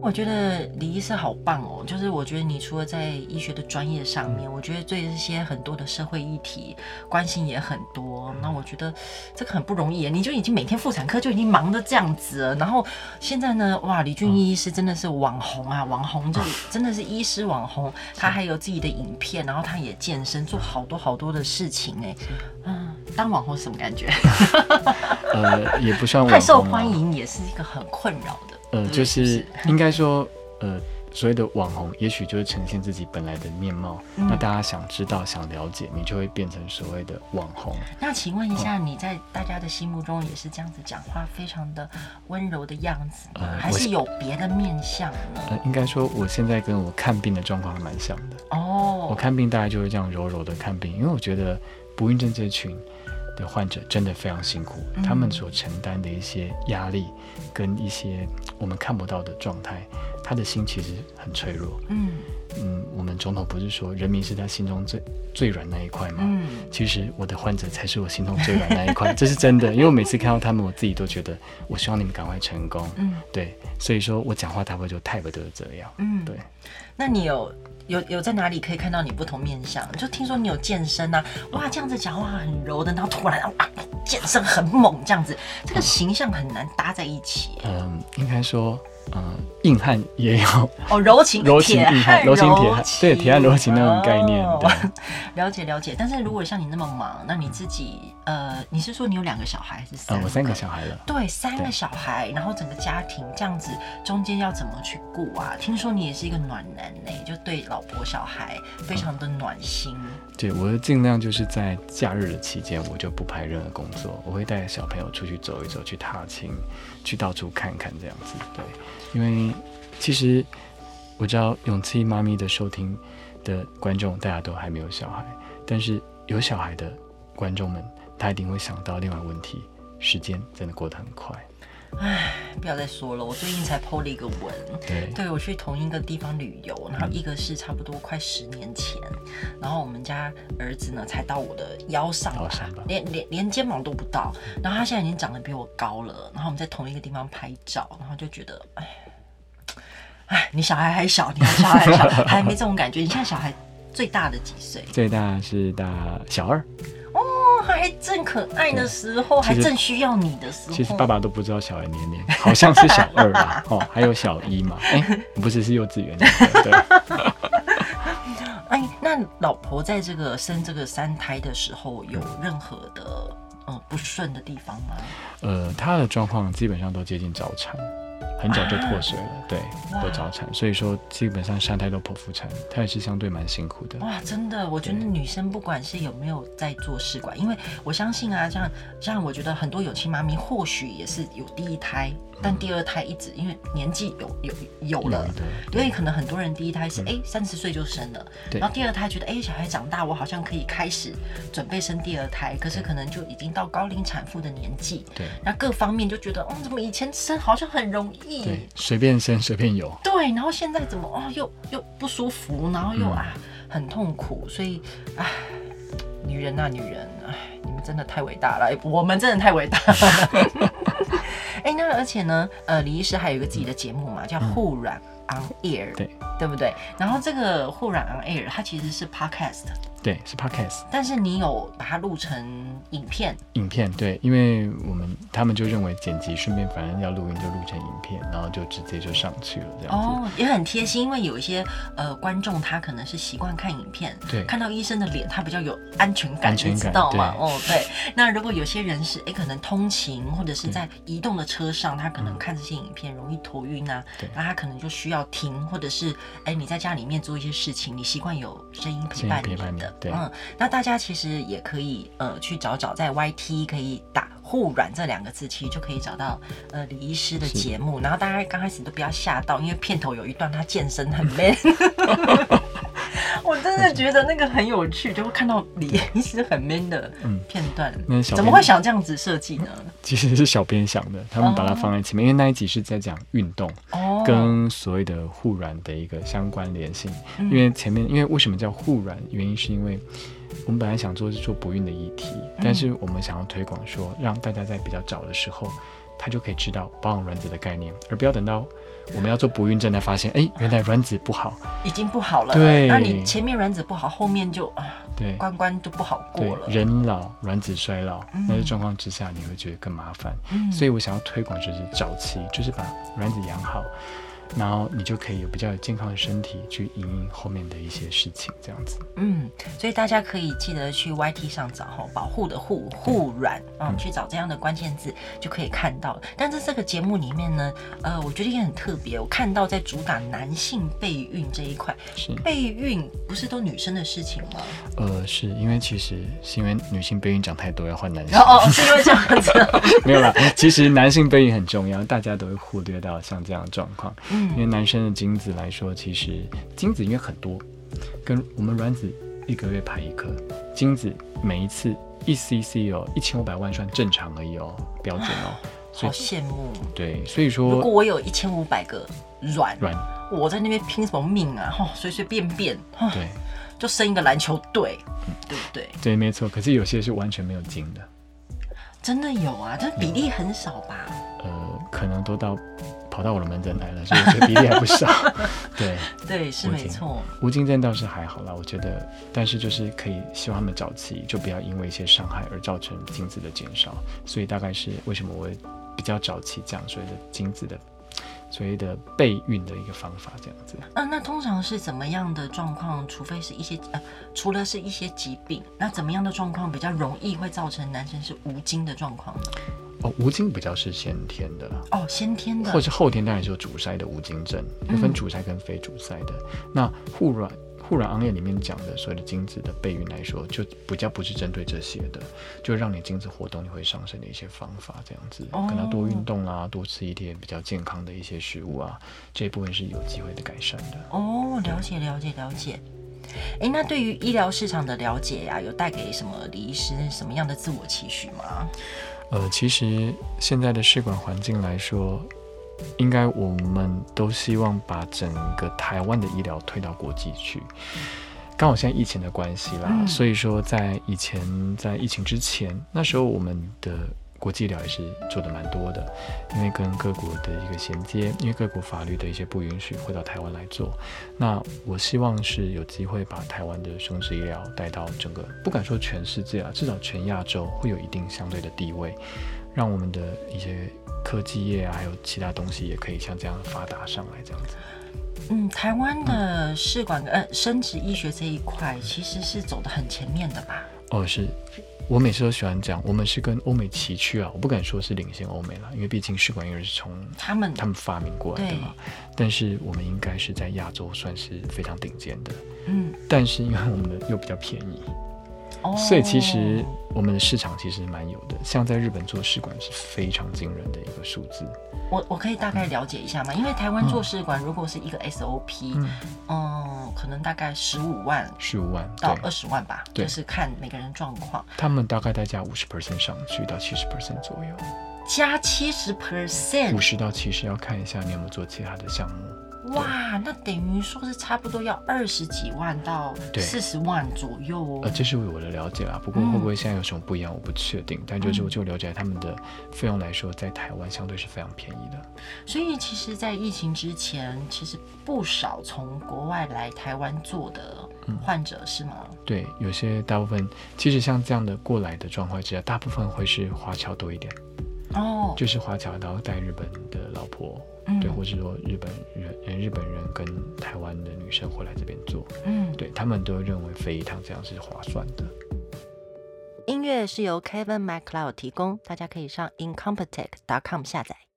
我覺得李醫師好棒哦，就是我覺得你除了在醫學的專業上面，嗯、我覺得對這些很多的社會議題關心也很多。嗯、那我覺得這個很不容易，你就已經每天婦產科就已經忙得這樣子，了，然後現在呢，哇，李俊逸醫師真的是網紅啊，網、嗯、紅就真的是醫師網紅，嗯、他還有自己的影片，然後他也健身，嗯、做好多好多的事情哎，是嗯，當網紅什麼感覺？ 呃，也不算、啊、太受歡迎，也是一個很困擾的。呃，就是應該說，是是呃，所謂的網紅，也許就是呈現自己本來的面貌。嗯、那大家想知道、想了解，你就會變成所謂的網紅。那請問一下，你在大家的心目中也是這樣子講話，非常的溫柔的樣子，呃、還是有別的面向呢？呃、應該說，我現在跟我看病的狀況還蠻像的哦。我看病大概就會這樣柔柔的看病，因為我覺得不孕症這群的患者真的非常辛苦，嗯、他們所承擔的一些壓力跟一些我們看不到的狀態，嗯、他的心其實很脆弱。嗯嗯，我們總統不是說人民是他心中最、嗯、最軟那一塊嗎？嗯、其實我的患者才是我心中最軟那一塊，嗯、這是真的。因為我每次看到他們，我自己都覺得，我希望你們趕快成功。嗯，對，所以說我講話，他不就太不得這樣。嗯，對。那你有？有有在哪裡可以看到你不同面相？就聽說你有健身吶，啊，哇，這樣子講話很柔的，然後突然然後，啊，健身很猛，這樣子，這個形象很難搭在一起，欸。嗯，um, 應該說。嗯，硬漢也有哦，柔情柔情硬漢，柔情鐵漢，對，鐵漢柔情那種概念，了解。哦、對了解。但是如果像你那麼忙，那你自己呃，你是說你有兩個小孩還是三？啊、呃，我三個小孩了。對，三個小孩，然後整個家庭這樣子，中間要怎麼去顧啊？聽說你也是一個暖男呢，欸，就對老婆小孩非常的暖心。嗯，對，我盡量就是在假日的期間，我就不排任何工作，我會帶小朋友出去走一走，去踏青，去到處看看這樣子，對。因為其實我知道勇氣媽咪的收聽的觀眾，大家都還沒有小孩，但是有小孩的觀眾們，他一定會想到另外一個問題：時間真的過得很快。哎，不要再說了。我最近才 PO 了一個文。對，對我去同一個地方旅遊，然後一個是差不多快十年前，嗯、然後我們家兒子呢才到我的腰上吧，連連連肩膀，都不到，然後他現在已經長得比我高了，然後我們在同一個地方拍照，然後就覺得哎，你小孩還小，你小孩還小， 還沒這種感覺。你現在小孩最大的幾歲？最大是大小二。他還正可愛的時候，哦、還正需要你的時候，其實爸爸都不知道小孩年齡，好像是小二吧？ 哦，還有小一嘛？哎、欸，不是，是幼稚園。對，哎，那老婆在這個生這個三胎的時候，有任何的、呃、不順的地方嗎？呃，他的狀況基本上都接近早產。很早就破水了，啊、對，都哇早產，所以說基本上三胎都剖腹產，她也是相對蠻辛苦的。哇，真的，我覺得女生不管是有沒有在做試管，因為我相信啊，像、像，我覺得很多勇氣媽咪或許也是有第一胎，但第二胎一直、嗯、因為年紀有有有了，因為、嗯、可能很多人第一胎是哎三十歲就生了，然後第二胎覺得哎小孩長大我好像可以開始準備生第二胎，可是可能就已經到高齡產婦的年紀，對，那各方面就覺得嗯怎麼以前生好像很容易。對，隨便先，隨便有。對，然後現在怎麼哦，又又不舒服，然後又啊，嗯、很痛苦，所以唉，女人啊，女人，你們真的太偉大了，欸、我們真的太偉大了。哎、 欸，那而且呢，呃，李醫師還有一個自己的節目嘛，嗯、叫護卵 on air，、嗯、對對不對？然後這個護卵 on air，它其實是 podcast。對，是 Podcast，但是你有把它錄成影片。影片，對，因為我們他們就認為剪輯順便，反正要錄音就錄成影片，然後就直接就上去了這樣子。哦，也很貼心，因為有一些呃觀眾他可能是習慣看影片，對，看到醫生的臉他比較有安全感，安全感知道嗎？對哦，對。那如果有些人是哎、欸、可能通勤或者是在移動的車上，嗯、他可能看這些影片容易頭暈啊，對、嗯，那他可能就需要聽，或者是哎、欸、你在家裡面做一些事情，你習慣有聲音陪伴你的。對嗯，那大家其實也可以呃去找找，在 YT 可以打“護卵”這兩個字，其實就可以找到呃李醫師的節目。是然後大家剛開始都不要嚇到，因為片頭有一段他健身很 man，我真的覺得那個很有趣，且就會看到李醫師很 man 的片段。嗯、怎麼會想這樣子設計呢？其實是小編想的，他們把它放在前面，嗯、因為那一集是在講運動。哦跟所謂的護卵的一個相關聯性，嗯、因為前面，因為為什麼叫護卵，原因是因為我們本來想做是做不孕的議題，嗯、但是我們想要推廣說，讓大家在比較早的時候。他就可以知道保養卵子的概念，而不要等到我們要做不孕症才發現，哎，原來卵子不好，已經不好了。對，那你前面卵子不好，後面就啊，呃，對，關關都不好過了。人老卵子衰老，那些狀況之下你會覺得更麻煩。嗯，所以我想要推廣就是早期，就是把卵子養好。然後你就可以有比較健康的身體去因應後面的一些事情，這樣子。嗯，所以大家可以記得去 YT 上找吼，保護的護，護卵對、哦、嗯，去找這樣的關鍵字就可以看到了。但是這個節目裡面呢，呃，我覺得也很特別。我看到在主打男性備孕這一塊，是備孕不是都女生的事情嗎？呃，是因為其實是因為女性備孕講太多要換男生哦,哦，是因為這樣子 沒有了。其實男性備孕很重要，大家都會忽略到像這樣的狀況。因為男生的精子來說，其實精子應該很多，跟我們卵子一個月排一顆，精子每一次一 cc 哦，一千五百萬算正常而已哦，標準哦。啊、以好羨慕。對，所以說。如果我有一千五百個卵，卵軟我在那邊拼什麼命啊？哈、哦，隨隨便便，哦、對，就生一個籃球隊，對不對？對，沒錯。可是有些是完全沒有精的。真的有啊，但比例很少吧、嗯？呃，可能都到。跑到我的門診來了，所以比例還不少。對 對，無精是沒錯。無精症倒是還好啦，我覺得，但是就是可以希望他們早期就不要因為一些傷害而造成精子的減少。所以大概是為什麼我比較早期講所謂的精子的所謂的備孕的一個方法這樣子。嗯、啊，那通常是怎麼樣的狀況？除非是一些呃、啊，除了是一些疾病，那怎麼樣的狀況比較容易會造成男生是無精的狀況呢？哦，無精比較是先天的哦，先天的，或是後天，當然是有阻塞的無精症，嗯、分阻塞跟非阻塞的。那《護卵、護卵 on air》裡面講的所謂的精子的備孕來說，就比較不是針對這些的，就讓你精子活動，你會上升的一些方法，這樣子，哦、跟他多運動啊，多吃一些比較健康的一些食物啊，這一部分是有機會的改善的。哦對了，了解了解了解。哎、欸，那對於醫療市場的了解呀、啊，有帶給什麼李醫師什麼樣的自我期許嗎？呃，其實現在的試管環境來說，應該我們都希望把整個台灣的醫療推到國際去。剛好現在疫情的關係啦，嗯、所以說在以前，在疫情之前，那時候我們的。國際醫療也是做得蠻多的，因為跟各國的一個銜接，因為各國法律的一些不允許，會到台灣來做。那我希望是有機會把台灣的生殖醫療帶到整個，不敢說全世界啊，至少全亞洲會有一定相對的地位，讓我們的一些科技業啊，還有其他東西也可以像這樣發達上來這樣子。嗯，台灣的試管、嗯、呃生殖醫學這一塊其實是走得很前面的吧？哦，是。我每次都喜歡講，我們是跟歐美齊驅啊，我不敢說是領先歐美了，因為畢竟試管嬰兒是從他們他們發明過來的嘛。但是我們應該是在亞洲算是非常頂尖的。嗯，但是因為我們又比較便宜。Oh, 所以其實我們的市場其實蠻有的，像在日本做試管是非常驚人的一個數字。我我可以大概了解一下嗎？嗯、因為台灣做試管如果是一個 SOP，嗯，嗯，嗯，可能大概十五萬，十五萬到二十萬吧，對就是看每個人狀況。他們大概再加五十 percent 上去到七十 percent 左右，嗯、加七十 percent，五十到七十要看一下你有沒有做其他的項目。哇，對那等於說是差不多要二十幾萬到四十萬左右哦。呃，這是我的了解啦，不過會不會現在有什麼不一樣，嗯、我不確定。但就是我就了解他們的費用來說，在台灣相對是非常便宜的。所以其實，在疫情之前，其實不少從國外來台灣做的患者是嗎？嗯、對，有些大部分其實像這樣的過來的狀況之下，大部分會是華僑多一點。哦，oh. 就是華僑到帶日本的老婆，嗯、對，或是說日本人，日本人跟台灣的女生會來這邊做，嗯，對，他們都認為飛一趟這樣是划算的。音樂是由 Kevin MacLeod 提供，大家可以上 incompetech.com 下載。